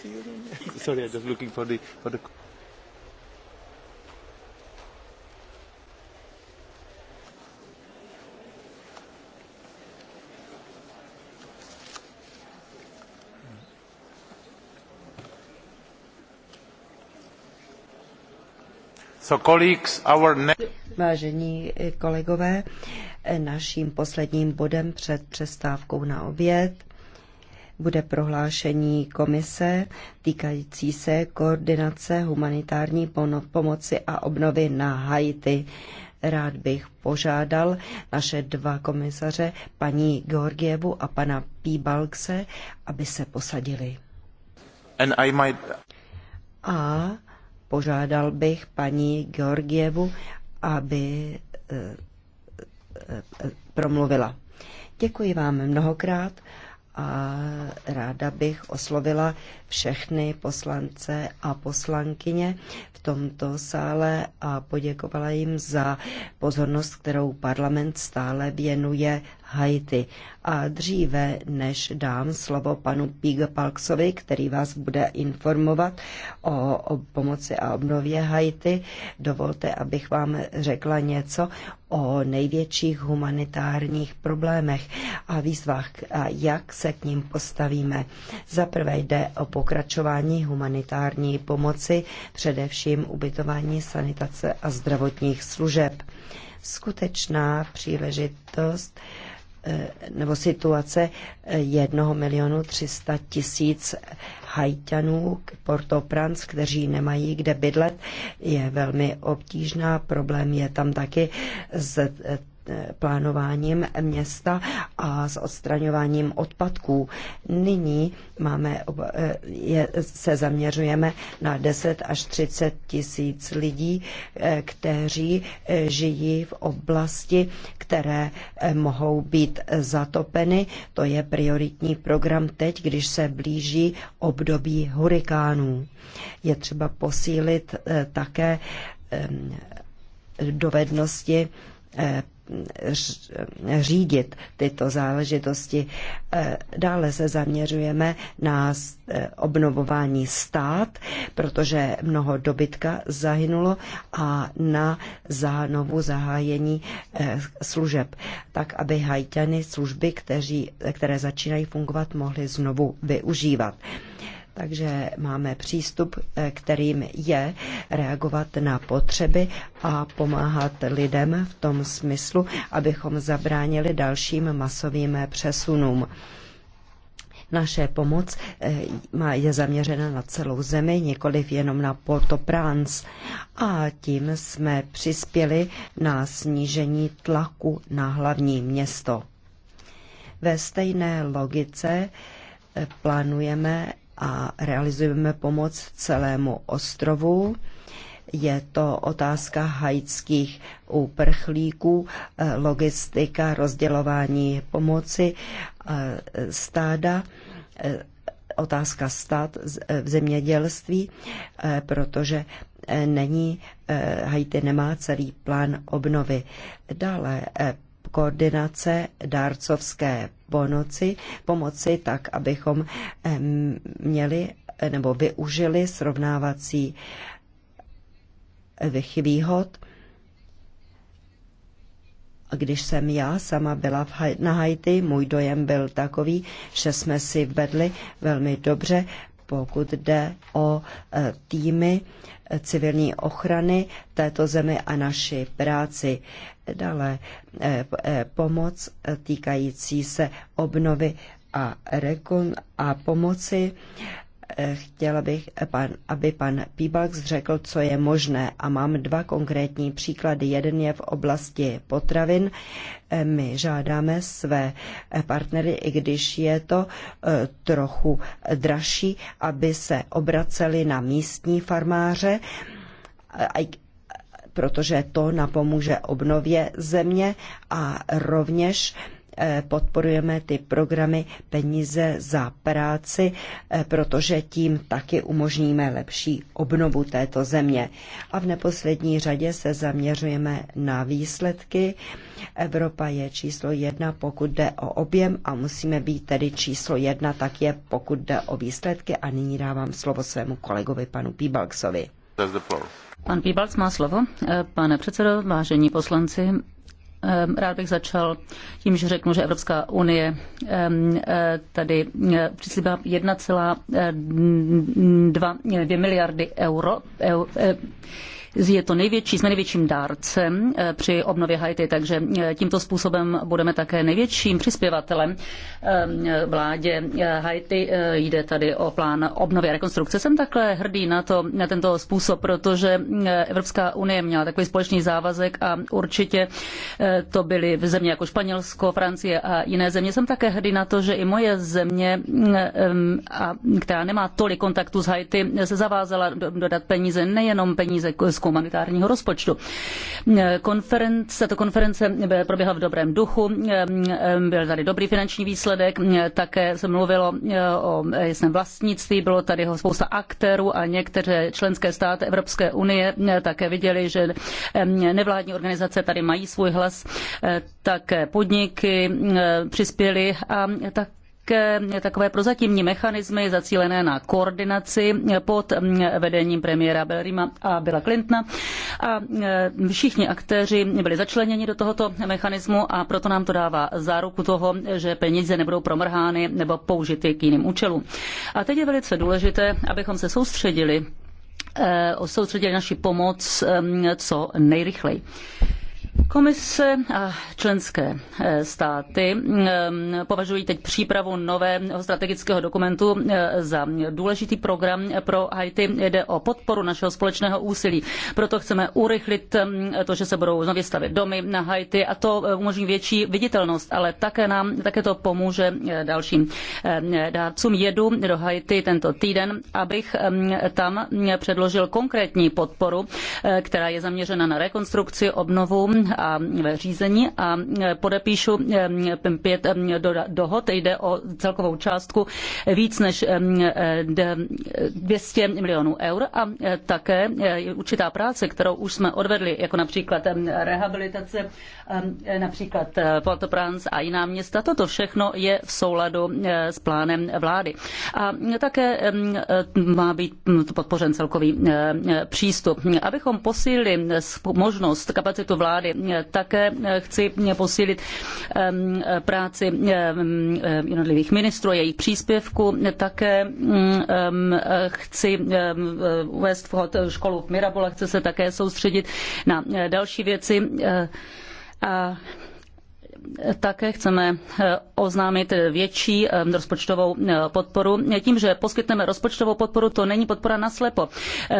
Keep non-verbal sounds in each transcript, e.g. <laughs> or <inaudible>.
<laughs> Sorry, I'm just looking for the, for the Vážení eh, kolegové, eh, naším posledním bodem před přestávkou na oběd bude prohlášení komise týkající se koordinace humanitární pomoci a obnovy na Haiti. Rád bych požádal naše dva komisaře, paní Georgievu a pana Píbalkse, aby se posadili. And I might... A požádal bych paní Georgievu, aby eh, eh, promluvila. Děkuji vám mnohokrát a ráda bych oslovila všechny poslance a poslankyně v tomto sále a poděkovala jim za pozornost, kterou parlament stále věnuje Haiti. A dříve, než dám slovo panu Palksovi, který vás bude informovat o, o pomoci a obnově Haiti, dovolte, abych vám řekla něco o největších humanitárních problémech a výzvách a jak se k ním postavíme. Za prvé jde o pokračování humanitární pomoci, především ubytování, sanitace a zdravotních služeb. Skutečná příležitost Eh, nebo situace eh, jednoho milionu 300 tisíc hajťanů, portopranc, kteří nemají kde bydlet, je velmi obtížná. Problém je tam taky s eh, plánováním města a s odstraňováním odpadků. Nyní máme, je, se zaměřujeme na 10 až 30 tisíc lidí, eh, kteří eh, žijí v oblasti, které eh, mohou být zatopeny. To je prioritní program teď, když se blíží období hurikánů. Je třeba posílit také dovednosti řídit tyto záležitosti. Eh, dále se zaměřujeme na eh, obnovování stát, protože mnoho dobytka zahynulo a na zánovu zahájení eh, služeb, tak aby hajťany služby, kteří, které začínají fungovat, mohly znovu využívat. Takže máme přístup, eh, kterým je reagovat na potřeby a pomáhat lidem v tom smyslu, abychom zabránili dalším masovým přesunům. Naše pomoc eh, je zaměřena na celou zemi, nikoliv jenom na port au a tím jsme přispěli na snížení tlaku na hlavní město. Ve stejné logice eh, plánujeme a realizujeme pomoc celému ostrovu. Je to otázka haitských úprchlíků, eh, logistika, rozdělování pomoci, eh, stáda, eh, otázka stát v zemědělství, protože není, Haiti nemá celý plán obnovy. Dále koordinace dárcovské pomoci, pomoci tak, abychom měli nebo využili srovnávací výhod. Když jsem já sama byla na Haiti, můj dojem byl takový, že jsme si vedli velmi dobře pokud jde o e, týmy e, civilní ochrany této zemi a naši práci. Dále e, pomoc týkající se obnovy a, rekon a pomoci chtěla bych, pan, aby pan Píbalx řekl, co je možné. A mám dva konkrétní příklady. Jeden je v oblasti potravin. Eh, my žádáme své eh, partnery, i když je to eh, trochu dražší, aby se obraceli na místní farmáře protože to napomůže obnově země a rovněž Eh, podporujeme ty programy peníze za práci, eh, protože tím taky umožníme lepší obnovu této země. A v neposlední řadě se zaměřujeme na výsledky. Evropa je číslo jedna, pokud jde o objem a musíme být tedy číslo jedna, tak je pokud jde o výsledky. A nyní dávám slovo svému kolegovi panu Píbalksovi. Pan Píbalc má slovo. Eh, pane předsedo, vážení poslanci, Ehm, rád bych začal tím, že řeknu, že Evropská unie ehm, e, tady e, přislíbila 1,2 e, miliardy euro. euro je to největší, jsme největším dárcem eh, při obnově Haiti, takže eh, tímto způsobem budeme také největším přispěvatelem ehm, vládě eh, Haiti. Jde tady o plán obnovy a rekonstrukce. Jsem takhle hrdý na, to, na tento způsob, protože Evropská unie měla takový společný závazek a určitě to byly v země jako Španělsko, Francie a jiné země. Jsem také hrdý na to, že i moje země, ehm, která nemá tolik kontaktu s Haiti, se zavázala dodat peníze, nejenom peníze z humanitárního rozpočtu. Konference, tato konference proběhla v dobrém duchu, byl tady dobrý finanční výsledek, také se mluvilo eh, o eh, jasném vlastnictví, bylo tady spousta aktérů a některé členské státy Evropské unie eh, také viděli, že nevládní organizace tady mají svůj hlas, také podniky přispěly a tak také takové prozatímní mechanismy zacílené na koordinaci pod mm, vedením premiéra Bellerima a Billa Clintona. A mm, všichni aktéři byli začleněni do tohoto mechanismu a proto nám to dává záruku toho, že peníze nebudou promrhány nebo použity k jiným účelům. A teď je velice důležité, abychom se soustředili eh, soustředili naši pomoc eh, co nejrychleji. Komise a členské eh, státy ehm, považují teď přípravu nového strategického dokumentu eh, za důležitý program pro Haiti. Jde o podporu našeho společného úsilí. Proto chceme urychlit ehm, to, že se budou nově stavět domy na Haiti a to eh, umožní větší viditelnost, ale také nám také to pomůže dalším dárcům. Jedu do Haiti tento týden, abych ehm, tam předložil konkrétní podporu, která je zaměřena na rekonstrukci, obnovu a e, řízení a e, podepíšu e, pět dohod. Jde o celkovou částku víc než 200 milionů eur a také určitá práce, kterou už jsme odvedli, jako například rehabilitace, například Port-au-Prince a jiná města. Toto všechno je v souladu s plánem vlády. A také má být podpořen celkový přístup. Abychom posílili možnost kapacitu vlády zprávy. Také chci posílit práci jednotlivých ministrů, jejich příspěvku. Také chci uvést vchod školu v Mirabole, chci se také soustředit na další věci. E, a také chceme eh, oznámit větší eh, rozpočtovou eh, podporu. Tím, že poskytneme rozpočtovou podporu, to není podpora naslepo.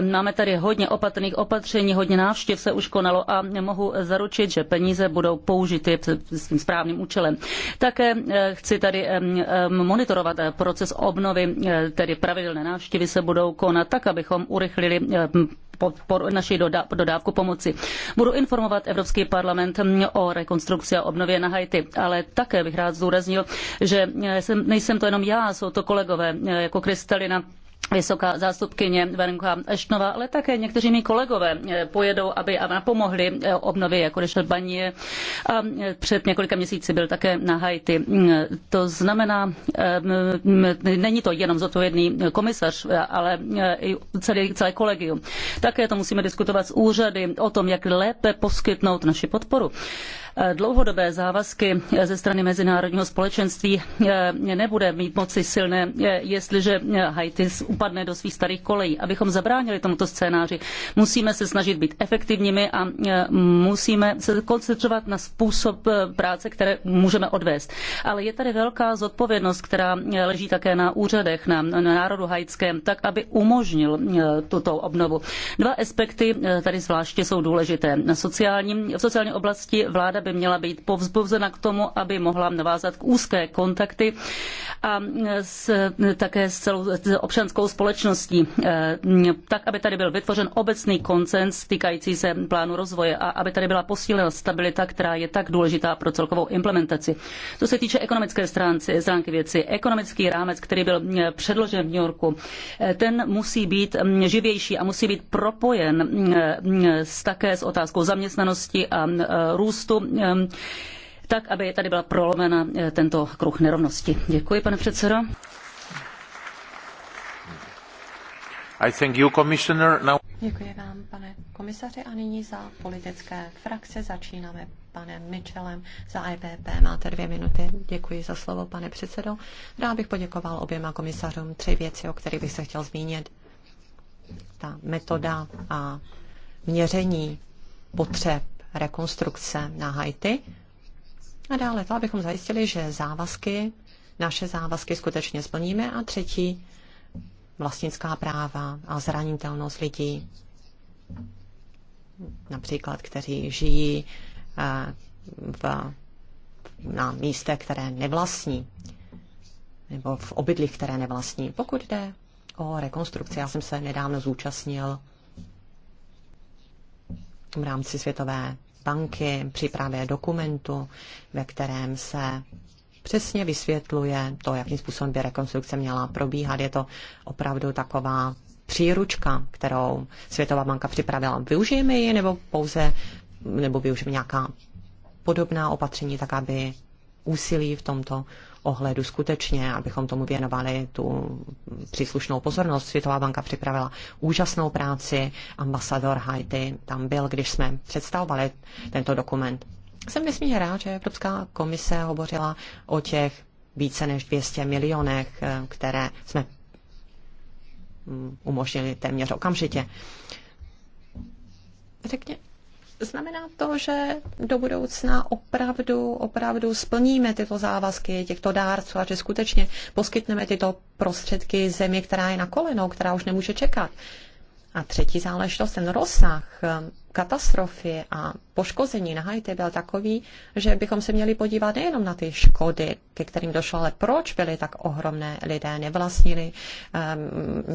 Máme tady hodně opatrných opatření, hodně návštěv se už konalo a mohu zaručit, že peníze budou použity s tím správným účelem. Také chci tady monitorovat proces obnovy, tedy pravidelné návštěvy se budou konat tak, abychom urychlili naši dodávku pomoci. Budu informovat Evropský parlament mm, o rekonstrukci a obnově na Haiti, ale také bych rád zdůraznil, že eh, jsem, nejsem to jenom já, jsou to kolegové eh, jako Kristalina vysoká zástupkyně Verenka Eštnova, ale také někteří mý kolegové eh, pojedou, aby napomohli eh, obnově, jako Richard Banie. A eh, před několika měsíci byl také na Haiti. Mm, to znamená, mm, není to jenom zodpovědný komisař, ale i celé, celé kolegium. Také to musíme diskutovat s úřady o tom, jak lépe poskytnout naši podporu dlouhodobé závazky ze strany mezinárodního společenství eh, nebude mít moci silné, eh, jestliže eh, Haiti upadne do svých starých kolejí. Abychom zabránili tomuto scénáři, musíme se snažit být efektivními a musíme se koncentrovat na způsob práce, které můžeme odvést. Ale je tady velká zodpovědnost, která leží také na úřadech, na, národu haitském, tak, aby umožnil tuto obnovu. Dva aspekty tady zvláště jsou důležité. Na sociální, v sociální oblasti vláda by by měla být povzbuzena k tomu, aby mohla navázat k úzké kontakty a s, také s celou s občanskou společností, eh, tak, aby tady byl vytvořen obecný koncens týkající se plánu rozvoje a aby tady byla posílena stabilita, která je tak důležitá pro celkovou implementaci. Co se týče ekonomické stránky, stránky věci, ekonomický rámec, který byl eh, předložen v New Yorku, eh, ten musí být mm, živější a musí být propojen mm, mm, s, také s otázkou zaměstnanosti a růstu Ehm, tak, aby tady byla prolomena eh, tento kruh nerovnosti. Děkuji, pane předsedo. I thank you, commissioner. Now... Děkuji vám, pane komisaři. A nyní za politické frakce začínáme panem Mitchellem za IPP. E Máte dvě minuty. Děkuji za slovo, pane předsedo. Rád bych poděkoval oběma komisařům tři věci, o kterých bych se chtěl zmínit. Ta metoda a měření potřeb rekonstrukce na Haiti. A dále to, abychom zajistili, že závazky, naše závazky skutečně splníme. A třetí, vlastnická práva a zranitelnost lidí, například, kteří žijí eh, v, na místech, které nevlastní, nebo v obydlích, které nevlastní. Pokud jde o rekonstrukci, já jsem se nedávno zúčastnil v rámci Světové banky připravuje dokumentu, ve kterém se přesně vysvětluje to, jakým způsobem by rekonstrukce měla probíhat. Je to opravdu taková příručka, kterou Světová banka připravila. Využijeme ji nebo pouze, nebo využijeme nějaká podobná opatření, tak aby úsilí v tomto ohledu skutečně, abychom tomu věnovali tu příslušnou pozornost. Světová banka připravila úžasnou práci, ambasador Haiti tam byl, když jsme představovali tento dokument. Jsem nesmírně rád, že Evropská komise hovořila o těch více než 200 milionech, eh, které jsme mm, umožnili téměř okamžitě. Řekně, Znamená to, že do budoucna opravdu, opravdu splníme tyto závazky těchto dárců a že skutečně poskytneme tyto prostředky zemi, která je na kolenou, která už nemůže čekat. A třetí záležitost, ten rozsah katastrofy a poškození na Haiti byl takový, že bychom se měli podívat nejenom na ty škody, ke kterým došlo, ale proč byly tak ohromné. Lidé nevlastnili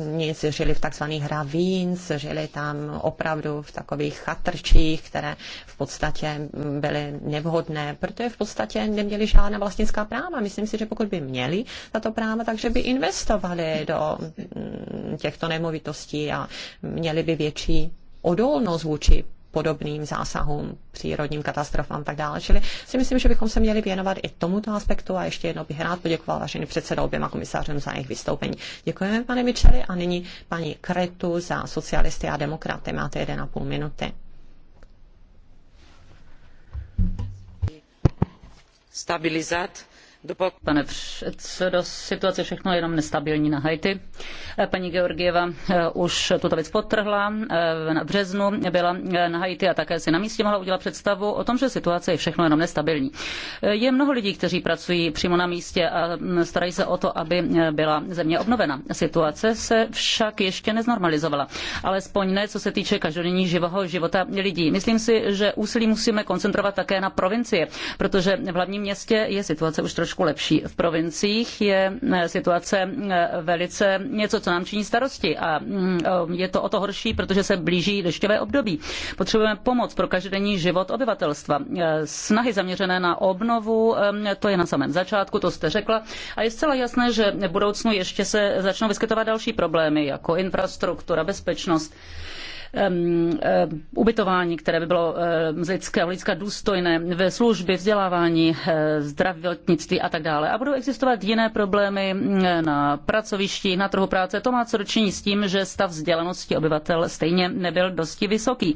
um, nic, žili v takzvaných ravíns, žili tam opravdu v takových chatrčích, které v podstatě byly nevhodné, protože v podstatě neměli žádná vlastnická práva. Myslím si, že pokud by měli tato práva, takže by investovali do mm, těchto nemovitostí a měli by větší odolnost vůči podobným zásahům, přírodním katastrofám a tak dále. Čili si myslím, že bychom se měli věnovat i tomuto aspektu a ještě jednou bych rád poděkoval vašemu předsedou oběma komisářům za jejich vystoupení. Děkujeme, pane Mičeli, a nyní paní Kretu za socialisty a demokraty. Máte 1,5 minuty. Stabilizat Pane předsedo, situace všechno je jenom nestabilní na Haiti. Paní Georgieva eh, už tuto věc potrhla. Eh, v březnu byla eh, na Haiti a také si na místě mohla udělat představu o tom, že situace je všechno jenom nestabilní. Je mnoho lidí, kteří pracují přímo na místě a hm, starají se o to, aby byla země obnovena. Situace se však ještě neznormalizovala, alespoň ne co se týče každodenní živého života lidí. Myslím si, že úsilí musíme koncentrovat také na provincie, protože v hlavním městě je situace už trošku trošku lepší. V provinciích je eh, situace eh, velice něco, co nám činí starosti a mm, eh, je to o to horší, protože se blíží dešťové období. Potřebujeme pomoc pro každodenní život obyvatelstva. Snahy zaměřené na obnovu, to je na samém začátku, to jste řekla. A je zcela jasné, že v budoucnu ještě se začnou vyskytovat další problémy, jako infrastruktura, bezpečnost ubytování, které by bylo z lidského, lidska důstojné, ve služby, vzdělávání, eh, zdravotnictví a tak dále. A budou existovat jiné problémy mm, na pracovišti, na trhu práce. To má co dočinit s tím, že stav vzdělanosti obyvatel stejně nebyl dosti vysoký.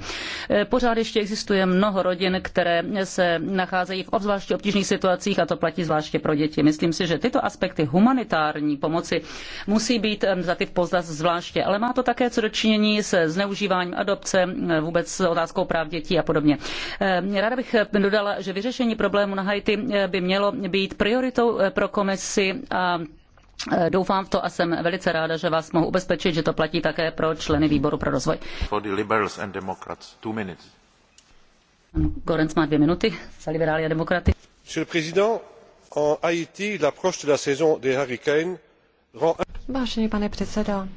Eh, pořád ještě existuje mnoho rodin, které se nacházejí v obzvláště obtížných situacích a to platí zvláště pro děti. Myslím si, že tyto aspekty humanitární pomoci musí být za ty v pozdas zvláště, ale má to také co dočinění se zneužíváním zpracování adopce, eh, vůbec otázkou práv dětí a podobně. Eh, ráda bych eh, dodala, že vyřešení problému na Haiti by mělo být prioritou pro komisi a Doufám v to a jsem velice ráda, že vás mohu ubezpečit, že to platí také pro členy výboru pro rozvoj. For the liberals and democrats, two minutes. Gorenc má dvě minuty za liberály a demokraty. Monsieur le Président, en Haïti, l'approche de la saison des hurricanes rend... Vážený pane předsedo,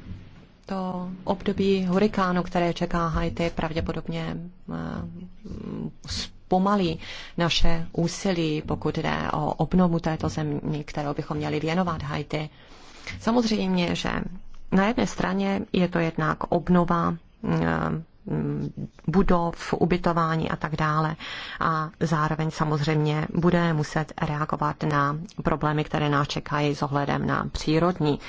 to období hurikánu, které čeká Haiti, pravděpodobně eh, zpomalí naše úsilí, pokud jde o obnovu této země, kterou bychom měli věnovat Haiti. Samozřejmě, že na jedné straně je to jednak obnova eh, budov, ubytování a tak dále. A zároveň samozřejmě bude muset reagovat na problémy, které nás čekají s ohledem na přírodní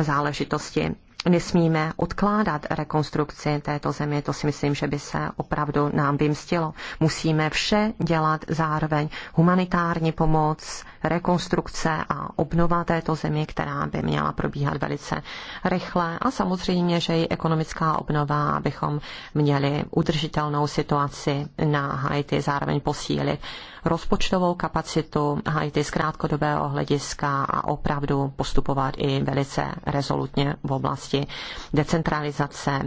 záležitosti nesmíme odkládat rekonstrukci této země. To si myslím, že by se opravdu nám vymstilo. Musíme vše dělat zároveň. Humanitární pomoc, rekonstrukce a obnova této země, která by měla probíhat velice rychle a samozřejmě, že i ekonomická obnova, abychom měli udržitelnou situaci na Haiti, zároveň posílit rozpočtovou kapacitu Haiti z krátkodobého hlediska a opravdu postupovat i velice rezolutně v oblasti decentralizace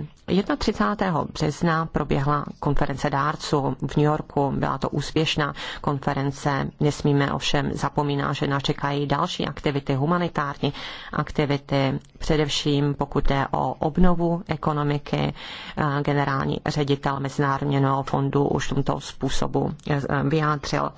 31. března proběhla konference dárců v New Yorku. Byla to úspěšná konference. Nesmíme ovšem zapomínat, že nás čekají další aktivity, humanitární aktivity, především pokud jde o obnovu ekonomiky. Eh, generální ředitel Mezinárodního fondu už tomto způsobu eh, vyjádřil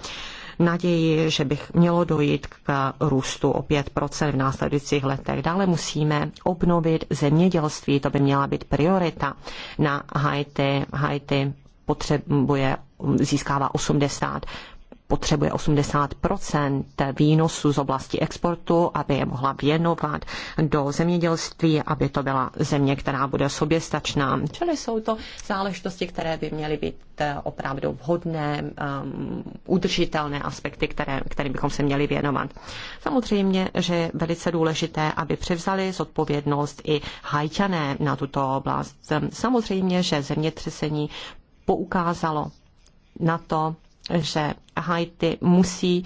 naději, že bych mělo dojít k růstu o 5% v následujících letech. Dále musíme obnovit zemědělství, to by měla být priorita na Haiti. Haiti potřebuje, získává 80 potřebuje 80 výnosu z oblasti exportu, aby je mohla věnovat do zemědělství, aby to byla země, která bude soběstačná. Čili jsou to záležitosti, které by měly být eh, opravdu vhodné, um, udržitelné aspekty, které, kterým bychom se měli věnovat. Samozřejmě, že je velice důležité, aby převzali zodpovědnost i hajťané na tuto oblast. Samozřejmě, že zemětřesení poukázalo na to, že Haiti musí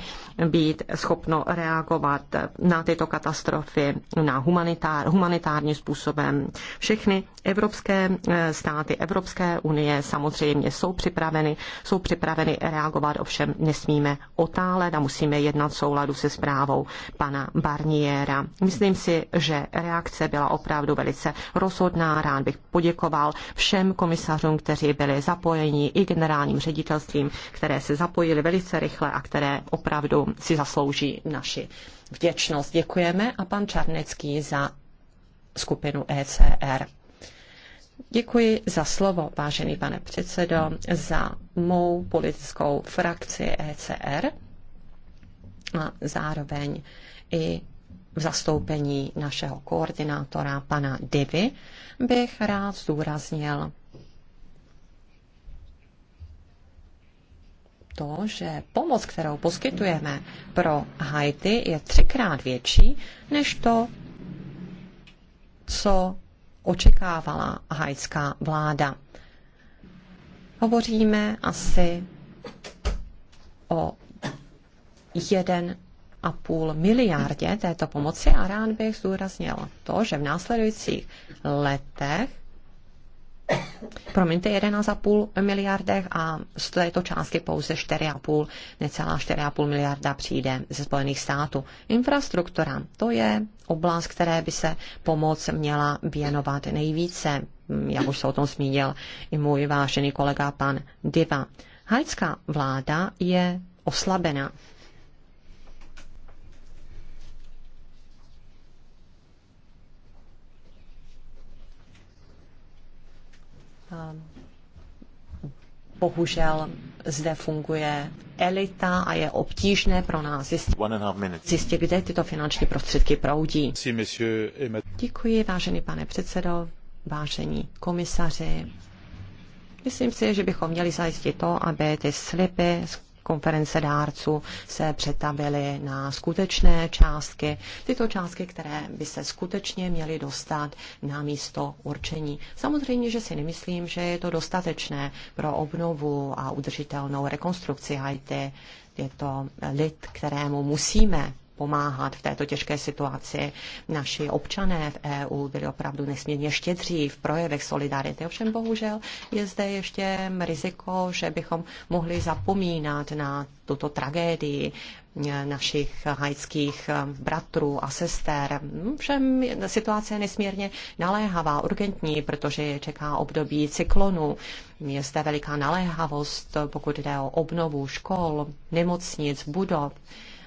být schopno reagovat na tyto katastrofy na humanitár, humanitárním způsobem. Všechny evropské eh, státy Evropské unie samozřejmě jsou připraveny, jsou připraveny reagovat, ovšem nesmíme otálet a musíme jednat v souladu se zprávou pana Barniera. Myslím si, že reakce byla opravdu velice rozhodná. Rád bych poděkoval všem komisařům, kteří byli zapojeni i generálním ředitelstvím, které se zapojili velice velice rychle a které opravdu si zaslouží naši vděčnost. Děkujeme a pan Čarnecký za skupinu ECR. Děkuji za slovo, vážený pane předsedo, za mou politickou frakci ECR a zároveň i v zastoupení našeho koordinátora pana Divy bych rád zdůraznil to, že pomoc, kterou poskytujeme pro Haiti, je třikrát větší než to, co očekávala haitská vláda. Hovoříme asi o jeden a půl miliardě této pomoci a rád bych zdůraznil to, že v následujících letech promiňte, 11,5 miliardech a z této částky pouze 4,5, necelá 4,5 miliarda přijde ze Spojených států. Infrastruktura, to je oblast, které by se pomoc měla věnovat nejvíce. Jak už se o tom zmínil i můj vážený kolega pan Diva. Hajská vláda je oslabena Eh, bohužel zde funguje elita a je obtížné pro nás zjistit, zjistit kde tyto finanční prostředky proudí. Děkuji, vážený pane předsedo, vážení komisaři. Myslím si, že bychom měli zajistit to, aby ty sliby, konference dárců se přetavily na skutečné částky. Tyto částky, které by se skutečně měly dostat na místo určení. Samozřejmě, že si nemyslím, že je to dostatečné pro obnovu a udržitelnou rekonstrukci Haiti. Je to lid, kterému musíme pomáhat v této těžké situaci. Naši občané v EU byli opravdu nesmírně štědří v projevech solidarity. Ovšem bohužel je zde ještě riziko, že bychom mohli zapomínat na tuto tragédii eh, našich hajských eh, bratrů a sester. Všem situace je nesmírně naléhavá, urgentní, protože je čeká období cyklonu. Je zde veliká naléhavost, pokud jde o obnovu škol, nemocnic, budov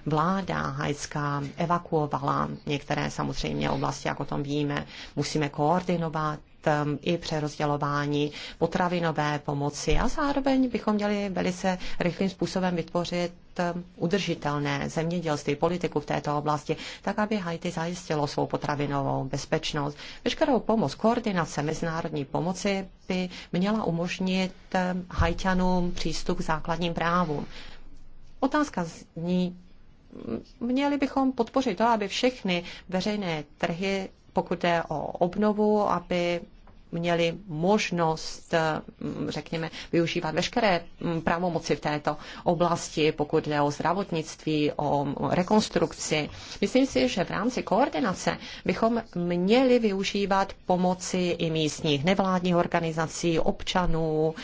vláda hajská evakuovala některé samozřejmě oblasti, jak o tom víme, musíme koordinovat um, i přerozdělování potravinové pomoci a zároveň bychom měli velice rychlým způsobem vytvořit um, udržitelné zemědělství, politiku v této oblasti, tak aby Haiti zajistilo svou potravinovou bezpečnost. Veškerou pomoc, koordinace mezinárodní pomoci by měla umožnit um, Haitianům přístup k základním právům. Otázka zní, měli bychom podpořit to, aby všechny veřejné trhy, pokud jde o obnovu, aby měli možnost, mm, řekněme, využívat veškeré mm, pravomoci v této oblasti, pokud jde o zdravotnictví, o rekonstrukci. Myslím si, že v rámci koordinace bychom měli využívat pomoci i místních nevládních organizací, občanů,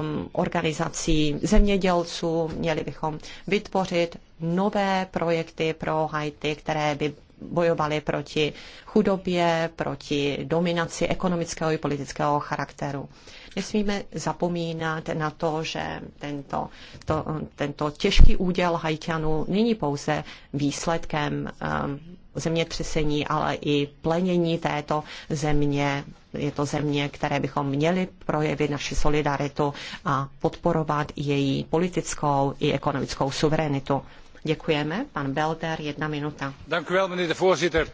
mm, organizací zemědělců. Měli bychom vytvořit nové projekty pro Haiti, které by bojovaly proti chudobě, proti dominaci ekonomického i politického charakteru. Nesmíme zapomínat na to, že tento, to, tento těžký úděl Haitianů není pouze výsledkem um, zemětřesení, ale i plenění této země. Je to země, které bychom měli projevit naši solidaritu a podporovat její politickou i ekonomickou suverenitu. Děkujeme. Pan Belder, jedna minuta. Dank u wel, meneer de voorzitter.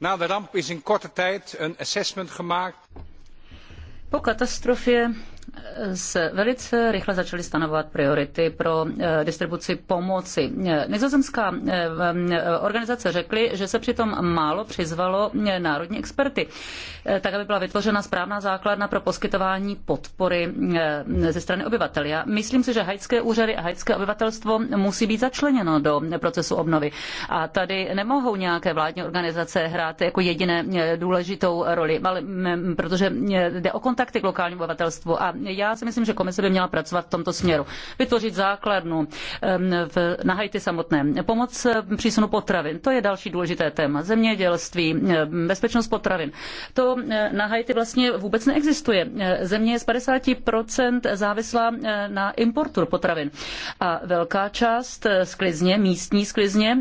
Na de ramp is in korte tijd een assessment gemaakt. Po katastrofě se velice rychle začaly stanovat priority pro eh, distribuci pomoci. Eh, nizozemská eh, organizace řekly, že se přitom málo přizvalo národní experty, tak aby byla vytvořena správná základna pro poskytování podpory ze strany obyvatel. Já myslím si, že haitské úřady a haitské obyvatelstvo musí být začleněno do procesu obnovy. A tady nemohou nějaké vládní organizace hrát jako jediné důležitou roli, ale, mm, protože jde o kontakty k lokálnímu obyvatelstvu a já si myslím, že komise by měla pracovat v tomto směru. Vytvořit základnu v, na Haiti samotné. Pomoc přísunu potravin, to je další důležité téma. Zemědělství, bezpečnost potravin. To na Haiti vlastně vůbec neexistuje. Země je z 50% závislá na importu potravin. A velká část eh, sklizně, místní sklizně,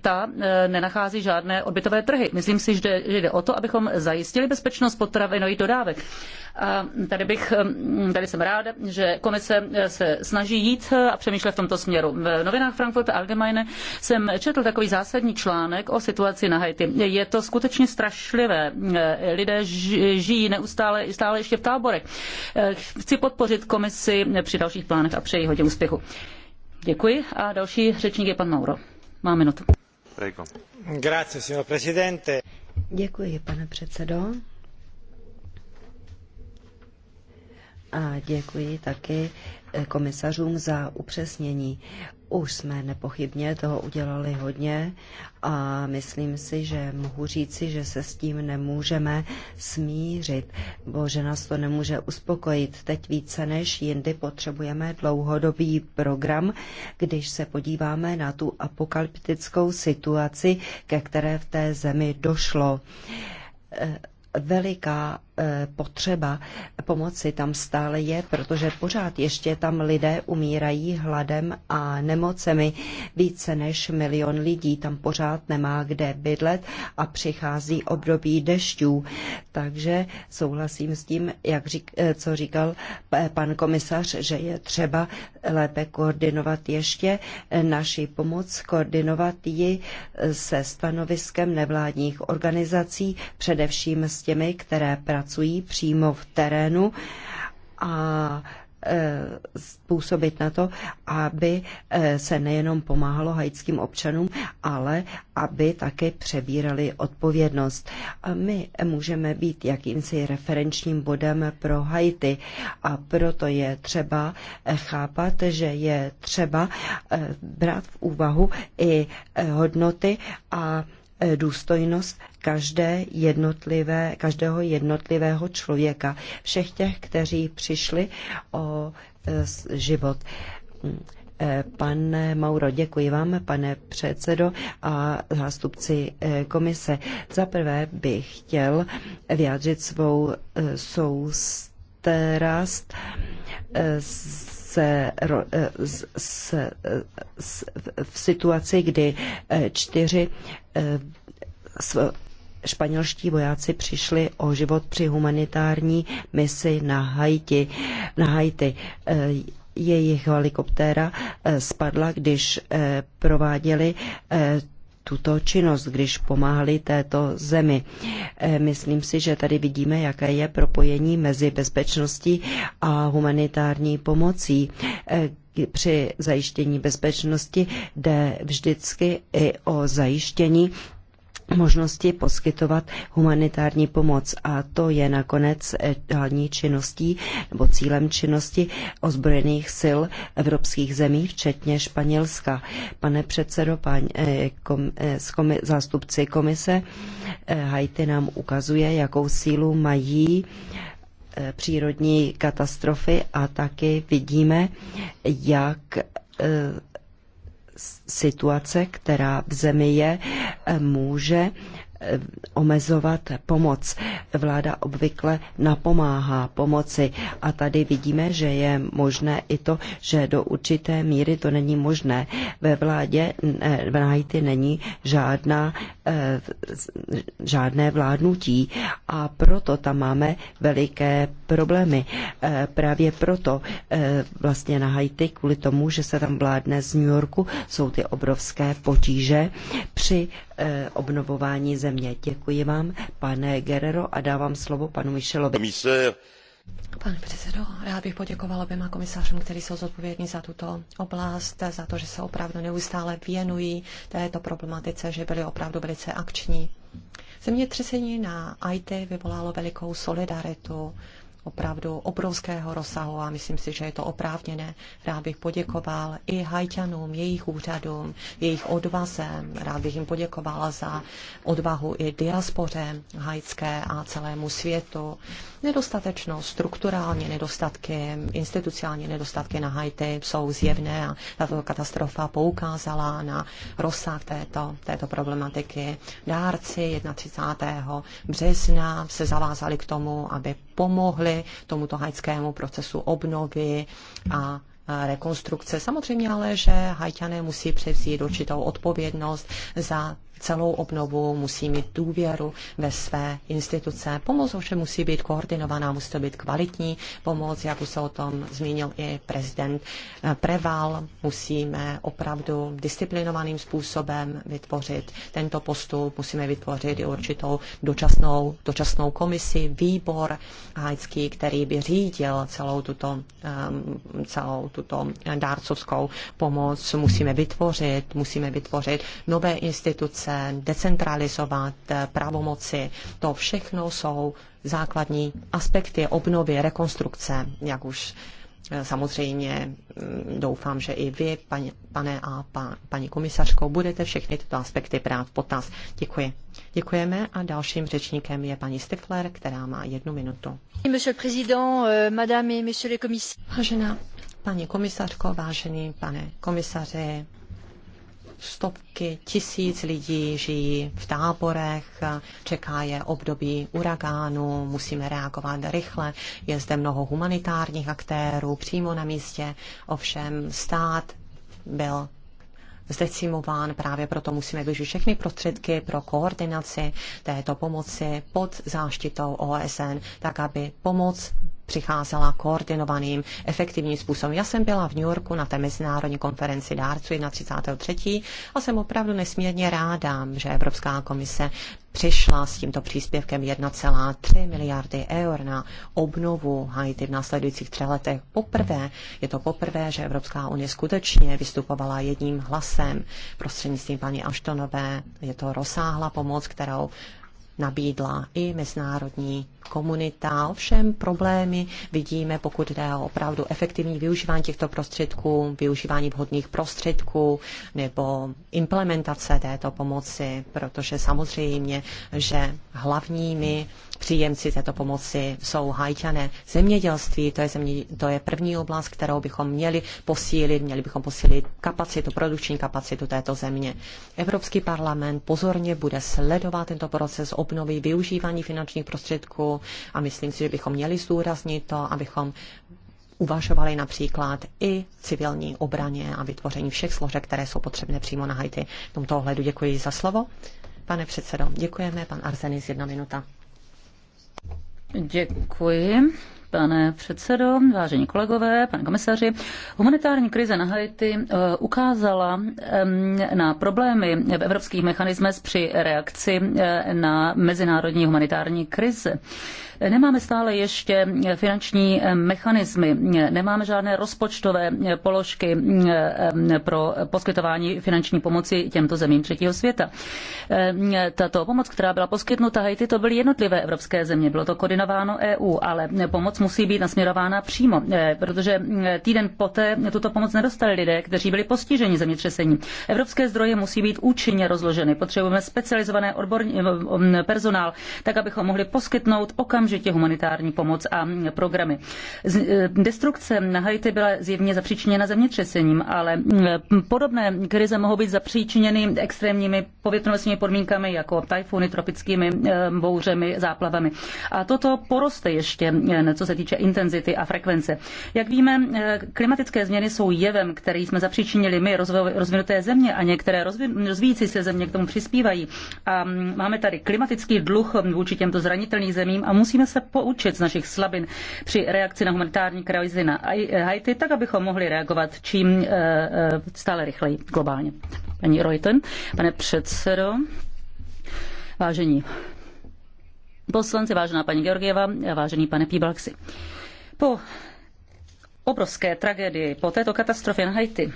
ta nenachází žádné odbytové trhy. Myslím si, že jde o to, abychom zajistili bezpečnost potravinových dodávek. A tady, bych, mm, tady jsem ráda, že komise se snaží jít a přemýšlet v tomto směru. V novinách Frankfurt Allgemeine jsem četl takový zásadní článek o situaci na Haiti. Je to skutečně strašlivé. Lidé žijí neustále stále ještě v táborech. Chci podpořit komisi při dalších plánech a přeji hodně úspěchu. Děkuji a další řečník je pan Mauro. Má minutu. Děkuji, pane předsedo. A děkuji taky eh, komisařům za upřesnění. Už jsme nepochybně toho udělali hodně a myslím si, že mohu říci, že se s tím nemůžeme smířit, bo že nás to nemůže uspokojit. Teď více než jindy potřebujeme dlouhodobý program, když se podíváme na tu apokalyptickou situaci, ke které v té zemi došlo. Eh, veliká E, potřeba pomoci tam stále je, protože pořád ještě tam lidé umírají hladem a nemocemi. Více než milion lidí tam pořád nemá kde bydlet a přichází období dešťů. Takže souhlasím s tím, jak řík, e, co říkal pan komisař, že je třeba lépe koordinovat ještě naši pomoc, koordinovat ji se stanoviskem nevládních organizací, především s těmi, které pracují pracují přímo v terénu a e, způsobit na to, aby e, se nejenom pomáhalo haitským občanům, ale aby také přebírali odpovědnost. A my můžeme být jakýmsi referenčním bodem pro Haiti a proto je třeba chápat, že je třeba e, brát v úvahu i hodnoty a důstojnost každé jednotlivé, každého jednotlivého člověka, všech těch, kteří přišli o e, život. Mm, e, pane Mauro, děkuji vám, pane předsedo a zástupci e, komise. Za prvé bych chtěl vyjádřit svou soustrast se, se, se v situaci, kdy čtyři Eh, španělští vojáci přišli o život při humanitární misi na Haiti. Na Haiti. Eh, jejich helikoptéra eh, spadla, když prováděli tuto činnost, když pomáhali této zemi. Myslím si, že tady vidíme, jaké je propojení mezi bezpečností a humanitární pomocí při zajištění bezpečnosti jde vždycky i o zajištění možnosti poskytovat humanitární pomoc a to je nakonec eh, hlavní činností nebo cílem činnosti ozbrojených sil evropských zemí, včetně Španělska. Pane předsedo, paň, eh, kom, eh, zástupci komise, Haiti nám ukazuje, jakou sílu mají eh, Eh, přírodní katastrofy a taky vidíme, jak eh, situace, která v zemi je, eh, může omezovat pomoc. Vláda obvykle napomáhá pomoci a tady vidíme, že je možné i to, že do určité míry to není možné. Ve vládě v Haiti není žádná, eh, žádné vládnutí a proto tam máme veliké problémy. Eh, právě proto eh, vlastně na Haiti, kvůli tomu, že se tam vládne z New Yorku, jsou ty obrovské potíže při Eh, obnovování země. Děkuji vám, pane Guerrero, a dávám slovo panu Michelovi. Pane předsedo, rád bych poděkoval oběma komisařům, kteří jsou zodpovědní za tuto oblast, za to, že se opravdu neustále věnují této problematice, že byli opravdu velice akční. Zemětřesení na IT vyvolalo velikou solidaritu opravdu obrovského rozsahu a myslím si, že je to oprávněné. Rád bych poděkoval i hajťanům, jejich úřadům, jejich odvaze. Rád bych jim poděkoval za odvahu i diaspoře hajcké a celému světu. Nedostatečnost, strukturální nedostatky, institucionální nedostatky na Haiti jsou zjevné a tato katastrofa poukázala na rozsah této, této problematiky. Dárci 31. března se zavázali k tomu, aby pomohli pomohli tomuto haitskému procesu obnovy a rekonstrukce. Samozřejmě ale, že hajťané musí převzít určitou odpovědnost za celou obnovu, musí mít důvěru ve své instituce. Pomoc ovšem musí být koordinovaná, musí to být kvalitní pomoc, jak už se o tom zmínil i prezident Preval. Musíme opravdu disciplinovaným způsobem vytvořit tento postup, musíme vytvořit i určitou dočasnou, dočasnou komisi, výbor hájcký, který by řídil celou tuto, celou tuto dárcovskou pomoc. Musíme vytvořit, musíme vytvořit nové instituce, se decentralizovat eh, pravomoci. To všechno jsou základní aspekty obnovy, rekonstrukce, jak už eh, Samozřejmě mm, doufám, že i vy, paní, pane a pa, paní komisařko, budete všechny tyto aspekty brát v potaz. Děkuji. Děkujeme a dalším řečníkem je paní Stifler, která má jednu minutu. Euh, Vážená paní komisařko, vážený pane komisaři, stovky tisíc lidí žijí v táborech, čeká je období uragánu, musíme reagovat rychle. Je zde mnoho humanitárních aktérů přímo na místě, ovšem stát byl zdecimován, právě proto musíme využít všechny prostředky pro koordinaci této pomoci pod záštitou OSN, tak aby pomoc přicházela koordinovaným, efektivním způsobem. Já jsem byla v New Yorku na té mezinárodní konferenci dárců 31.3. a jsem opravdu nesmírně ráda, že Evropská komise přišla s tímto příspěvkem 1,3 miliardy eur na obnovu Haiti v následujících třech letech. Poprvé, je to poprvé, že Evropská unie skutečně vystupovala jedním hlasem prostřednictvím paní Aštonové. Je to rozsáhlá pomoc, kterou nabídla i mezinárodní komunita. Ovšem problémy vidíme, pokud jde o opravdu efektivní využívání těchto prostředků, využívání vhodných prostředků nebo implementace této pomoci, protože samozřejmě, že hlavními příjemci této pomoci jsou hajťané. Zemědělství, to je, země, to je první oblast, kterou bychom měli posílit, měli bychom posílit kapacitu, produkční kapacitu této země. Evropský parlament pozorně bude sledovat tento proces obnovy, využívání finančních prostředků a myslím si, že bychom měli zdůraznit to, abychom uvažovali například i civilní obraně a vytvoření všech složek, které jsou potřebné přímo na Haiti. V tomto ohledu děkuji za slovo. Pane předsedo, děkujeme. Pan Arzenis, jedna minuta. Děkuji. Pane předsedo, vážení kolegové, pane komisaři, humanitární krize na Haiti eh, ukázala na problémy v evropských mechanismech při reakci eh, na mezinárodní humanitární krize. Nemáme stále ještě finanční mechanismy, nemáme žádné rozpočtové položky eh, eh, pro poskytování finanční pomoci těmto zemím třetího světa. Eh, tato pomoc, která byla poskytnuta Haiti, to byly jednotlivé evropské země, bylo to koordinováno EU, ale pomoc musí být nasměrována přímo, protože týden poté tuto pomoc nedostali lidé, kteří byli postiženi zemětřesením. Evropské zdroje musí být účinně rozloženy. Potřebujeme specializované odborní personál, tak abychom mohli poskytnout okamžitě okamžitě humanitární pomoc a programy. Eh, destrukce na Haiti byla zjevně zapříčiněna zemětřesením, ale eh, podobné krize mohou být zapříčiněny extrémními povětrnostními podmínkami jako tajfuny, tropickými eh, bouřemi, záplavami. A toto poroste ještě, co se týče intenzity a frekvence. Jak víme, klimatické změny jsou jevem, který jsme zapříčinili my, rozvinuté země a některé rozvíjící se země k tomu přispívají. A mm, máme tady klimatický dluh vůči těmto zranitelným zemím a musíme Musíme se poučit z našich slabin při reakci na humanitární krizi na Haiti, tak abychom mohli reagovat čím eh, eh, stále rychleji globálně. Paní Reuten, pane předsedo, vážení poslanci, vážená paní Georgieva, vážený pane Píbalxi. Po obrovské tragédii, po této katastrofě na Haiti,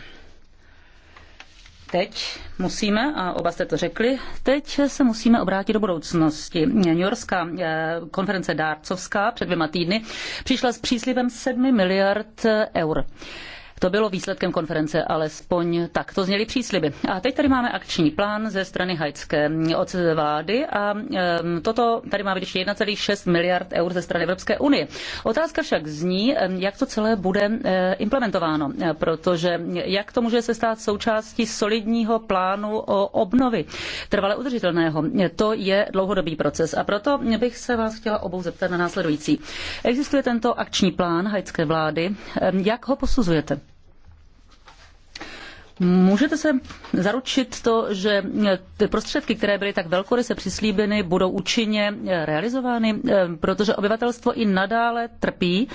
teď musíme, a oba jste to řekli, teď se musíme obrátit do budoucnosti. New Yorkská eh, konference dárcovská před dvěma týdny přišla s příslibem 7 miliard eur. To bylo výsledkem konference, alespoň tak to zněly přísliby. A teď tady máme akční plán ze strany hajcké mm, od vlády a toto tady máme ještě 1,6 miliard eur ze strany Evropské unie. Otázka však zní, jak to celé bude implementováno, e, protože jak to může se stát součástí solidního plánu o obnovy trvale udržitelného. E, to je dlouhodobý proces a proto bych se vás chtěla obou zeptat na následující. Existuje tento akční plán hajcké vlády, jak ho posuzujete? Můžete se zaručit to, že ty prostředky, které byly tak velkoryse přislíbeny, budou účinně eh, realizovány, eh, protože obyvatelstvo i nadále trpí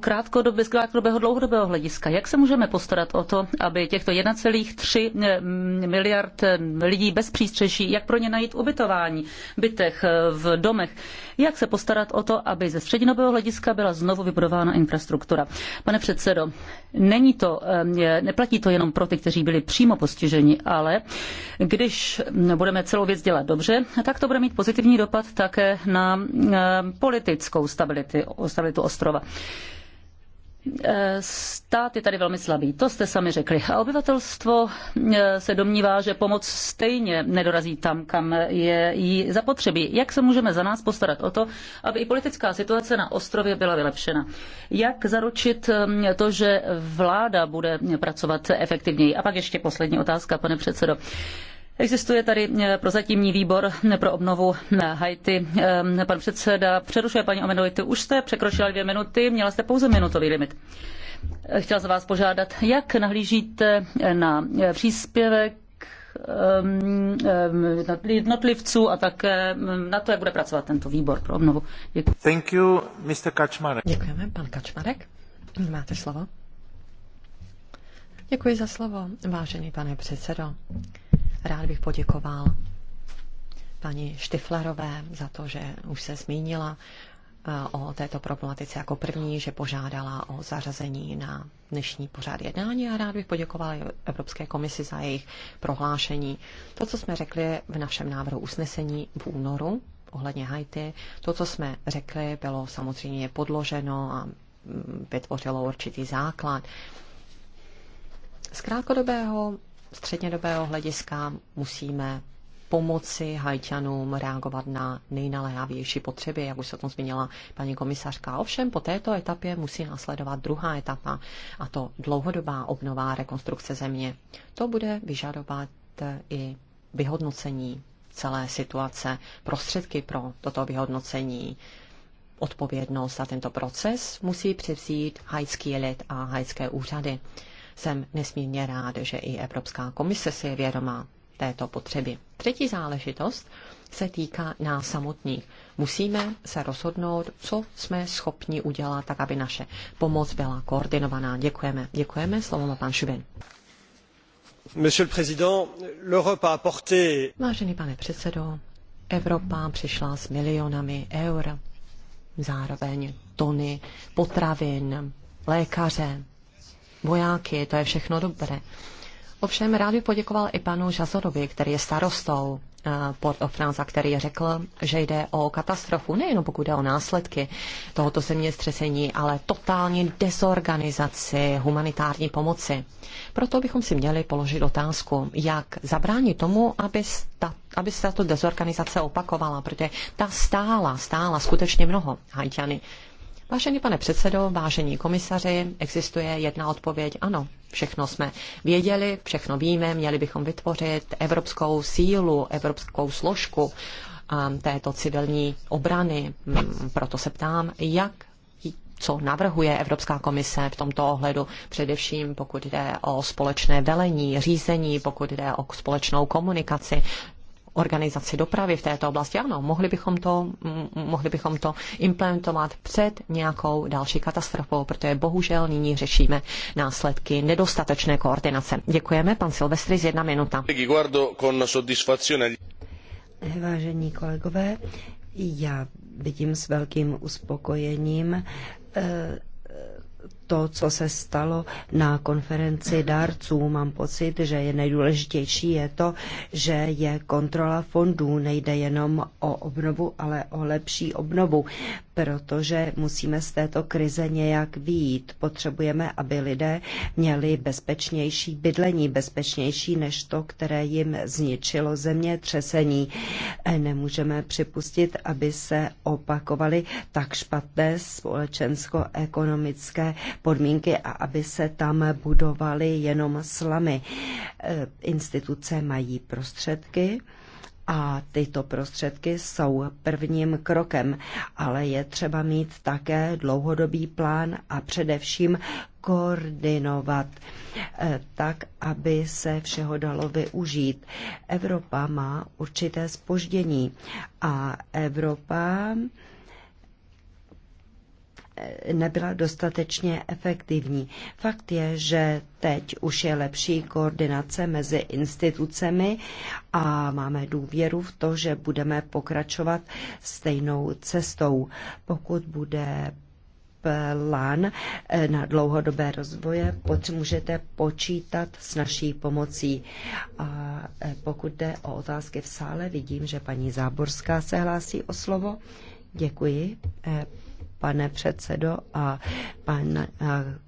krátkodobě, z krátkodobého dlouhodobého hlediska. Jak se můžeme postarat o to, aby těchto 1,3 eh, miliard lidí bez přístřeší, jak pro ně najít ubytování v bytech, v domech, jak se postarat o to, aby ze střednědobého hlediska byla znovu vybudována infrastruktura. Pane předsedo, není to, neplatí to jenom pro pro ty, kteří byli přímo postiženi, ale když budeme celou věc dělat dobře, tak to bude mít pozitivní dopad také na eh, politickou stability, stabilitu ostrova. Eh, stát je tady velmi slabý, to jste sami řekli. A obyvatelstvo eh, se domnívá, že pomoc stejně nedorazí tam, kam je jí zapotřebí. Jak se můžeme za nás postarat o to, aby i politická situace na ostrově byla vylepšena? Jak zaručit eh, to, že vláda bude pracovat efektivněji? A pak ještě poslední otázka, pane předsedo. Existuje tady eh, prozatímní výbor eh, pro obnovu eh, Haiti. Pan předseda přerušuje paní Omenovitu. Už jste překročila dvě minuty, měla jste pouze minutový limit. Chtěla jsem vás požádat, jak nahlížíte na příspěvek ehm, ehm, jednotlivců a také mm, na to, jak bude pracovat tento výbor pro obnovu. Děkuji. Thank you, Mr. Kačmarek. Děkujeme, pan Kačmarek. Máte slovo. Děkuji za slovo, vážený pane předsedo. Rád bych poděkoval paní Štiflerové za to, že už se zmínila eh, o této problematice jako první, že požádala o zařazení na dnešní pořád jednání a rád bych poděkovala Evropské komisi za jejich prohlášení. To, co jsme řekli v našem návrhu usnesení v únoru ohledně Haiti, to, co jsme řekli, bylo samozřejmě podloženo a mm, vytvořilo určitý základ. Z krátkodobého střednědobého hlediska musíme pomoci hajťanům reagovat na nejnaléhavější potřeby, jak už se o tom zmínila paní komisařka. Ovšem po této etapě musí následovat druhá etapa, a to dlouhodobá obnová rekonstrukce země. To bude vyžadovat i vyhodnocení celé situace, prostředky pro toto vyhodnocení, odpovědnost za tento proces musí převzít hajský lid a hajské úřady jsem nesmírně rád, že i Evropská komise si je vědomá této potřeby. Třetí záležitost se týká nás samotných. Musíme se rozhodnout, co jsme schopni udělat, tak aby naše pomoc byla koordinovaná. Děkujeme. Děkujeme. Slovo má pan Šubin. Monsieur le Président, l'Europe a apporté... Vážený pane předsedo, Evropa přišla s milionami eur, zároveň tony potravin, lékaře, vojáky, to je všechno dobré. Ovšem rád bych poděkoval i panu Žazorovi, který je starostou eh, Port of France, který řekl, že jde o katastrofu, nejenom pokud jde o následky tohoto zemětřesení, ale totální dezorganizaci humanitární pomoci. Proto bychom si měli položit otázku, jak zabránit tomu, aby, sta, aby se tato dezorganizace opakovala, protože ta stála, stála skutečně mnoho hajťany. Vážený pane předsedo, vážení komisaři, existuje jedna odpověď. Ano, všechno jsme věděli, všechno víme, měli bychom vytvořit evropskou sílu, evropskou složku této civilní obrany. Mm, proto se ptám, jak co navrhuje Evropská komise v tomto ohledu, především pokud jde o společné velení, řízení, pokud jde o společnou komunikaci, organizaci dopravy v této oblasti. Ano, mohli bychom to, mohli bychom to implementovat před nějakou další katastrofou, protože bohužel nyní řešíme následky nedostatečné koordinace. Děkujeme, pan Silvestri, z jedna minuta. Vážení kolegové, já vidím s velkým uspokojením eh, to, co se stalo na konferenci dárců. Mám pocit, že je nejdůležitější je to, že je kontrola fondů. Nejde jenom o obnovu, ale o lepší obnovu, protože musíme z této krize nějak výjít. Potřebujeme, aby lidé měli bezpečnější bydlení, bezpečnější než to, které jim zničilo země třesení. E, nemůžeme připustit, aby se opakovaly tak špatné společensko-ekonomické podmínky a aby se tam budovaly jenom slamy. E, instituce mají prostředky, a tyto prostředky jsou prvním krokem, ale je třeba mít také dlouhodobý plán a především koordinovat eh, tak, aby se všeho dalo využít. Evropa má určité spoždění a Evropa nebyla dostatečně efektivní. Fakt je, že teď už je lepší koordinace mezi institucemi a máme důvěru v to, že budeme pokračovat stejnou cestou. Pokud bude plán eh, na dlouhodobé rozvoje, můžete počítat s naší pomocí. A eh, pokud jde o otázky v sále, vidím, že paní Záborská se hlásí o slovo. Děkuji. Eh, pane předsedo a pan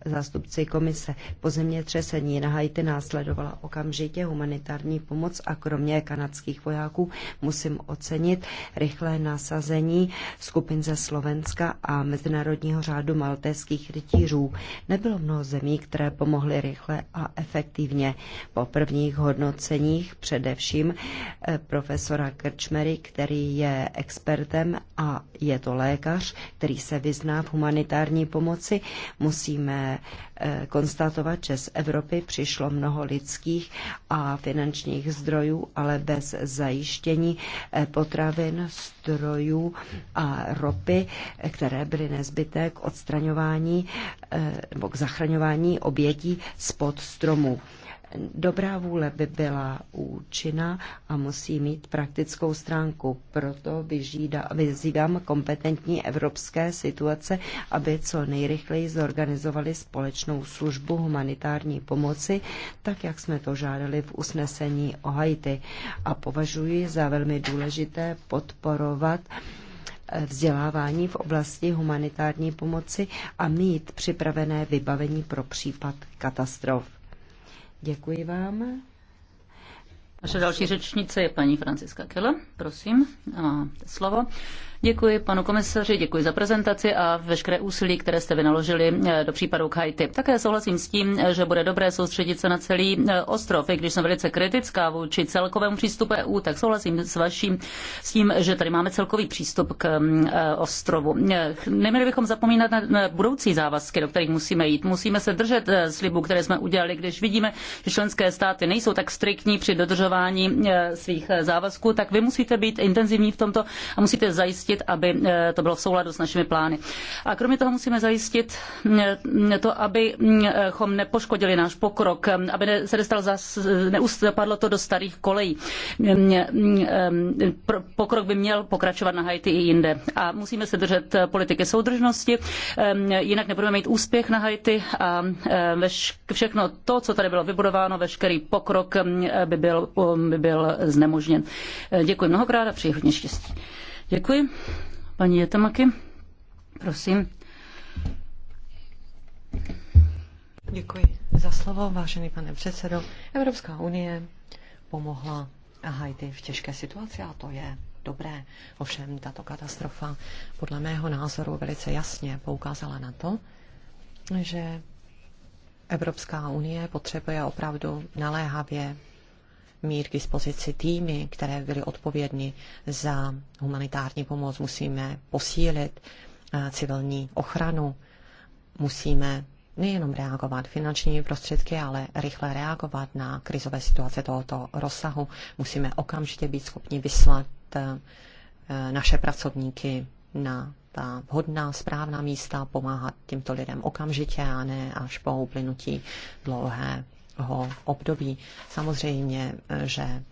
zástupci komise. Po zemětřesení na Haiti následovala okamžitě humanitární pomoc a kromě kanadských vojáků musím ocenit rychlé nasazení skupin ze Slovenska a Mezinárodního řádu maltéských rytířů. Nebylo mnoho zemí, které pomohly rychle a efektivně. Po prvních hodnoceních především eh, profesora Krčmery, který je expertem a je to lékař, který se vyzná v humanitární pomoci, musíme eh, konstatovat, že z Evropy přišlo mnoho lidských a finančních zdrojů, ale bez zajištění eh, potravin, strojů a ropy, eh, které byly nezbytné k odstraňování nebo k zachraňování obětí spod stromů. Dobrá vůle by byla účinná a musí mít praktickou stránku. Proto vyzývám kompetentní evropské situace, aby co nejrychleji zorganizovali společnou službu humanitární pomoci, tak jak jsme to žádali v usnesení o Haiti. A považuji za velmi důležité podporovat eh, vzdělávání v oblasti humanitární pomoci a mít připravené vybavení pro případ katastrof. Děkuji vám. Naše další řečnice je paní Franciska Kele. prosím, máte slovo. Děkuji panu komisaři, děkuji za prezentaci a veškeré úsilí, které jste vynaložili eh, do případu Haiti. Také souhlasím s tím, eh, že bude dobré soustředit se na celý eh, ostrov. I když jsem velice kritická vůči celkovému přístupu EU, tak souhlasím s vaším s tím, že tady máme celkový přístup k mm, ostrovu. Neměli bychom zapomínat na budoucí závazky, do kterých musíme jít. Musíme se držet slibů, které jsme udělali, když vidíme, že členské státy nejsou tak striktní při dodržování svých závazků, tak vy musíte být intenzivní v tomto a musíte zajistit zajistit, aby eh, to bylo v souladu s našimi plány. A kromě toho musíme zajistit eh, to, abychom nepoškodili náš pokrok, eh, aby se dostal zas, neupadlo to do starých kolejí. Pokrok by měl pokračovat na Haiti i jinde. A musíme se držet politiky soudržnosti, jinak nebudeme mít úspěch na Haiti a všechno to, co tady bylo vybudováno, veškerý pokrok by byl, by byl znemožněn. Děkuji mnohokrát a přeji hodně štěstí. Děkuji. Paní Jetamaky, prosím. Děkuji za slovo, vážený pane předsedo. Evropská unie pomohla Haiti v těžké situaci a to je dobré. Ovšem tato katastrofa podle mého názoru velice jasně poukázala na to, že Evropská unie potřebuje opravdu naléhavě mít k dispozici týmy, které byly odpovědny za humanitární pomoc. Musíme posílit eh, civilní ochranu. Musíme nejenom reagovat finančními prostředky, ale rychle reagovat na krizové situace tohoto rozsahu. Musíme okamžitě být schopni vyslat eh, eh, naše pracovníky na ta vhodná, správná místa, pomáhat těmto lidem okamžitě a ne až po uplynutí dlouhé dlouhodobého období. Samozřejmě, že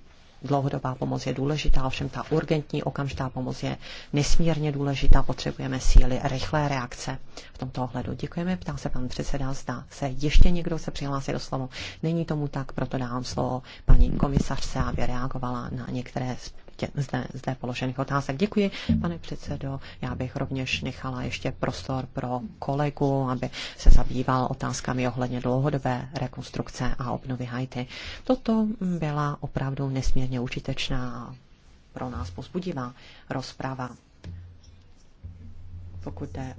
dlouhodobá pomoc je důležitá, ovšem ta urgentní okamžitá pomoc je nesmírně důležitá. Potřebujeme síly rychlé reakce. V tomto ohledu děkujeme. Ptá se pan předseda, zda se ještě někdo se přihlásí do slovo. Není tomu tak, proto dám slovo paní komisařce, aby reagovala na některé tě, zde, zde položených otázek. Děkuji, pane předsedo. Já bych rovněž nechala ještě prostor pro kolegu, aby se zabýval otázkami ohledně dlouhodobé rekonstrukce a obnovy Haiti. Toto byla opravdu nesmírně užitečná pro nás pozbudivá rozprava. Pokud jde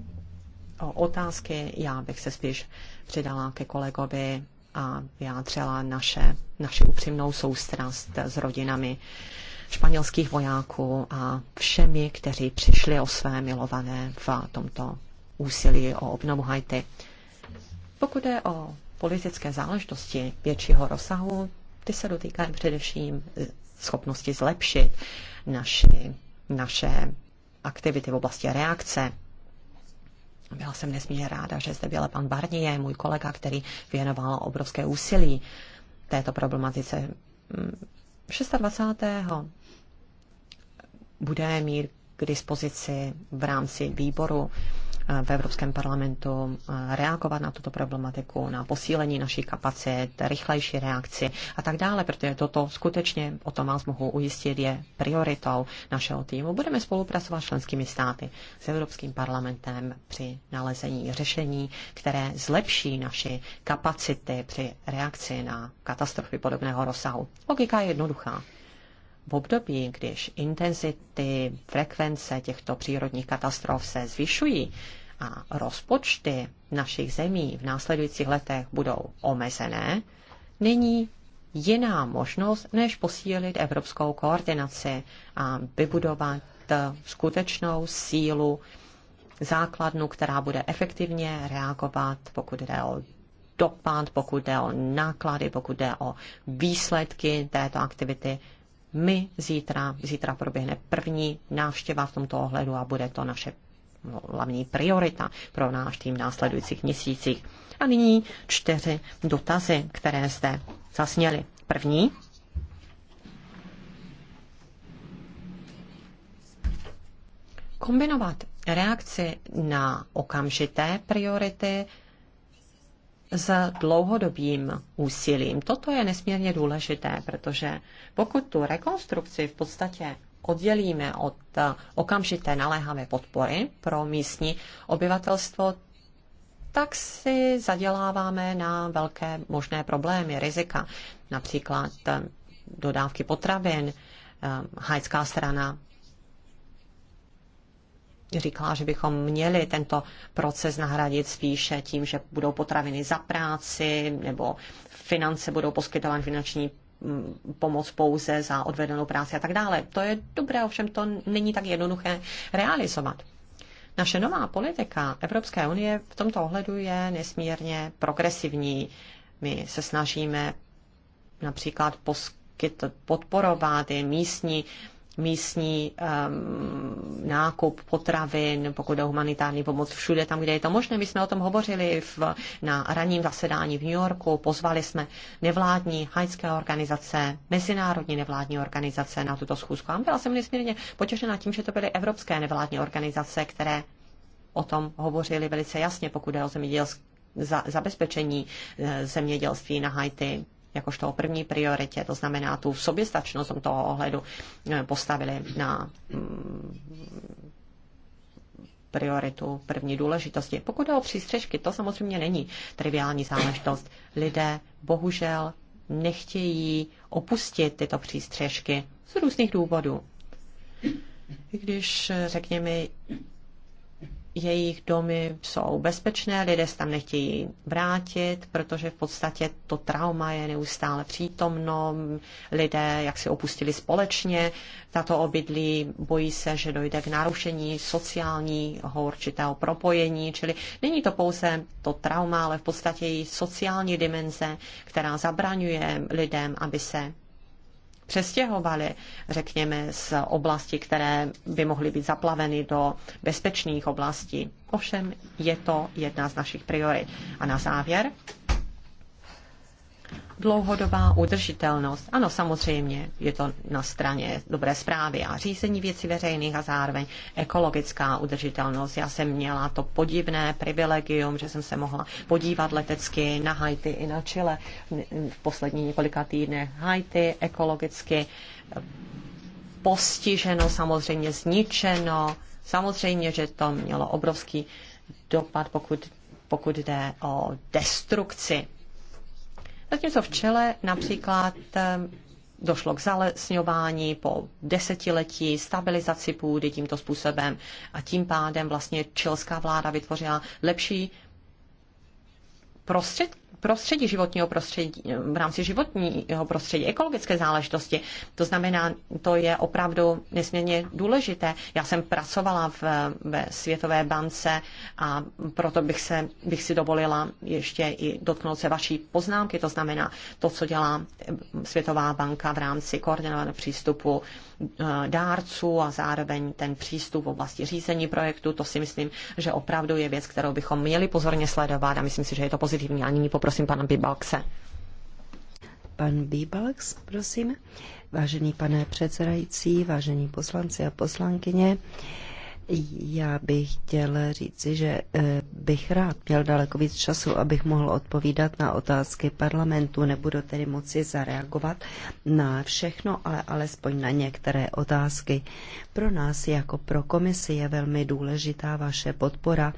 o otázky, já bych se spíš přidala ke kolegovi a vyjádřila naše, naši upřímnou soustrast s rodinami španělských vojáků a všemi, kteří přišli o své milované v tomto úsilí o obnovu Haiti. Pokud je o politické záležitosti většího rozsahu, ty se dotýkají především schopnosti zlepšit naši, naše aktivity v oblasti reakce. Byla jsem nesmírně ráda, že zde byl pan Barnier, můj kolega, který věnoval obrovské úsilí této problematice. Hmm, 26 budeme mít k dispozici v rámci výboru eh, v Evropském parlamentu eh, reagovat na tuto problematiku, na posílení naší kapacit, rychlejší reakci a tak dále, protože toto skutečně, o tom vás mohu ujistit, je prioritou našeho týmu. Budeme spolupracovat s členskými státy, s Evropským parlamentem při nalezení řešení, které zlepší naši kapacity při reakci na katastrofy podobného rozsahu. Logika je jednoduchá v období, když intenzity, frekvence těchto přírodních katastrof se zvyšují a rozpočty našich zemí v následujících letech budou omezené, není jiná možnost, než posílit evropskou koordinaci a vybudovat skutečnou sílu základnu, která bude efektivně reagovat, pokud jde o dopad, pokud jde o náklady, pokud jde o výsledky této aktivity my zítra, zítra proběhne první návštěva v tomto ohledu a bude to naše no, hlavní priorita pro náš tým v následujících měsících. A nyní čtyři dotazy, které zde zasněly. První. Kombinovat reakci na okamžité priority s dlouhodobým úsilím. Toto je nesmírně důležité, protože pokud tu rekonstrukci v podstatě oddělíme od eh, okamžité naléhavé podpory pro místní obyvatelstvo, tak si zaděláváme na velké možné problémy, rizika, například eh, dodávky potravin, eh, hajská strana říkala, že bychom měli tento proces nahradit spíše tím, že budou potraviny za práci nebo finance budou poskytovány finanční mm, pomoc pouze za odvedenou práci a tak dále. To je dobré, ovšem to není tak jednoduché realizovat. Naše nová politika Evropské unie v tomto ohledu je nesmírně progresivní. My se snažíme například poskyt, podporovat i místní místní um, nákup potravin, pokud je humanitární pomoc všude tam, kde je to možné. My jsme o tom hovořili v, na ranním zasedání v New Yorku, pozvali jsme nevládní hajské organizace, mezinárodní nevládní organizace na tuto schůzku. A byla jsem nesmírně potěšena tím, že to byly evropské nevládní organizace, které o tom hovořili velice jasně, pokud je o zemědělské za, zabezpečení e, zemědělství na Haiti jakožto o první prioritě, to znamená tu soběstačnost toho ohledu eh, postavili na mm, prioritu první důležitosti. Pokud jde o přístřežky, to samozřejmě není triviální záležitost. Lidé bohužel nechtějí opustit tyto přístřežky z různých důvodů. I když, eh, řekněme, jejich domy jsou bezpečné, lidé se tam nechtějí vrátit, protože v podstatě to trauma je neustále přítomno, lidé jak si opustili společně tato obydlí, bojí se, že dojde k narušení sociálního určitého propojení, čili není to pouze to trauma, ale v podstatě i sociální dimenze, která zabraňuje lidem, aby se přestěhovali, řekněme, z oblasti, které by mohly být zaplaveny do bezpečných oblastí. Ovšem je to jedna z našich priorit. A na závěr dlouhodobá udržitelnost. Ano, samozřejmě je to na straně dobré zprávy a řízení věcí veřejných a zároveň ekologická udržitelnost. Já jsem měla to podivné privilegium, že jsem se mohla podívat letecky na Haiti i na Chile v poslední několika týdnech. Haiti ekologicky postiženo, samozřejmě zničeno. Samozřejmě, že to mělo obrovský dopad, pokud, pokud jde o destrukci Zatímco v Čele například ehm, došlo k zalesňování po desetiletí, stabilizaci půdy tímto způsobem a tím pádem vlastně čilská vláda vytvořila lepší prostředky prostředí, životního prostředí, v rámci životního prostředí, ekologické záležitosti. To znamená, to je opravdu nesmírně důležité. Já jsem pracovala v, ve Světové bance a proto bych, se, bych si dovolila ještě i dotknout se vaší poznámky, to znamená to, co dělá Světová banka v rámci koordinovaného přístupu eh, dárců a zároveň ten přístup v oblasti řízení projektu, to si myslím, že opravdu je věc, kterou bychom měli pozorně sledovat a myslím si, že je to pozitivní Ani poprosím pana Bibalkse. Pan Bibalx, prosím. Vážený pane předsedající, vážení poslanci a poslankyně, já bych chtěl říci, že eh, bych rád měl daleko víc času, abych mohl odpovídat na otázky parlamentu. Nebudu tedy moci zareagovat na všechno, ale alespoň na některé otázky. Pro nás jako pro komisi je velmi důležitá vaše podpora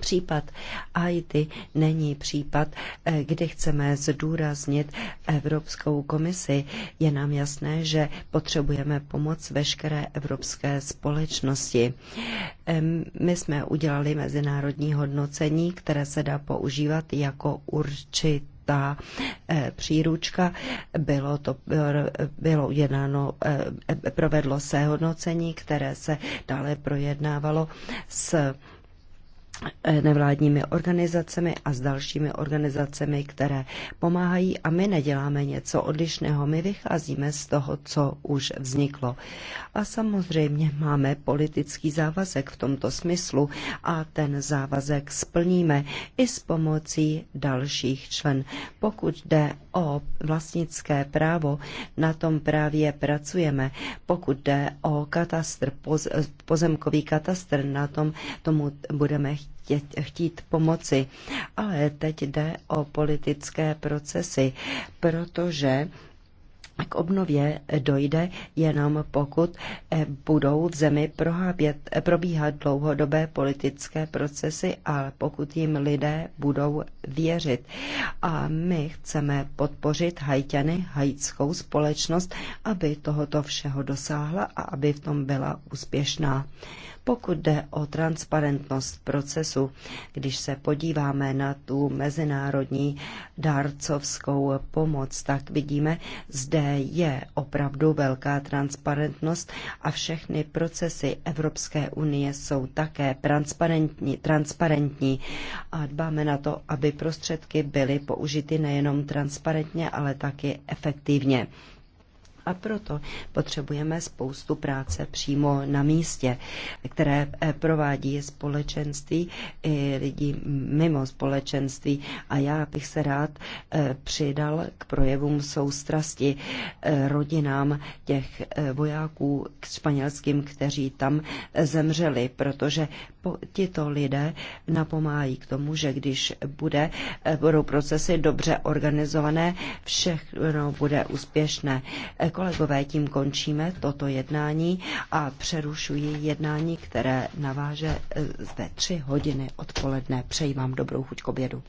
Případ Haiti není případ, eh, kdy chceme zdůraznit Evropskou komisi. Je nám jasné, že potřebujeme pomoc veškeré evropské společnosti. My jsme udělali mezinárodní hodnocení, které se dá používat jako určit ta eh, příručka, bylo, to, eh, bylo uděláno, provedlo se hodnocení, které se dále projednávalo s Eh, nevládními organizacemi a s dalšími organizacemi, které pomáhají a my neděláme něco odlišného. My vycházíme z toho, co už vzniklo. A samozřejmě máme politický závazek v tomto smyslu a ten závazek splníme i s pomocí dalších člen. Pokud jde o vlastnické právo, na tom právě pracujeme. Pokud jde o katastr, poz, pozemkový katastr, na tom tomu budeme chtít chtít pomoci. Ale teď jde o politické procesy, protože k obnově dojde jenom pokud eh, budou v zemi prohábět, eh, probíhat dlouhodobé politické procesy a pokud jim lidé budou věřit. A my chceme podpořit hajťany, hajickou společnost, aby tohoto všeho dosáhla a aby v tom byla úspěšná. Pokud jde o transparentnost procesu, když se podíváme na tu mezinárodní dárcovskou pomoc, tak vidíme, zde je opravdu velká transparentnost a všechny procesy Evropské unie jsou také transparentní, transparentní a dbáme na to, aby prostředky byly použity nejenom transparentně, ale taky efektivně. A proto potřebujeme spoustu práce přímo na místě, které eh, provádí společenství i eh, lidi mimo společenství. A já bych se rád eh, přidal k projevům soustrasti rodinám těch vojáků španělským, kteří tam zemřeli, protože tito lidé napomáhají k tomu, že když bude, eh, budou procesy dobře organizované, všechno bude úspěšné. Eh, kolegové, tím končíme toto jednání a přerušuji jednání, které naváže ve eh, tři hodiny odpoledne. Přeji vám dobrou chuť k obědu.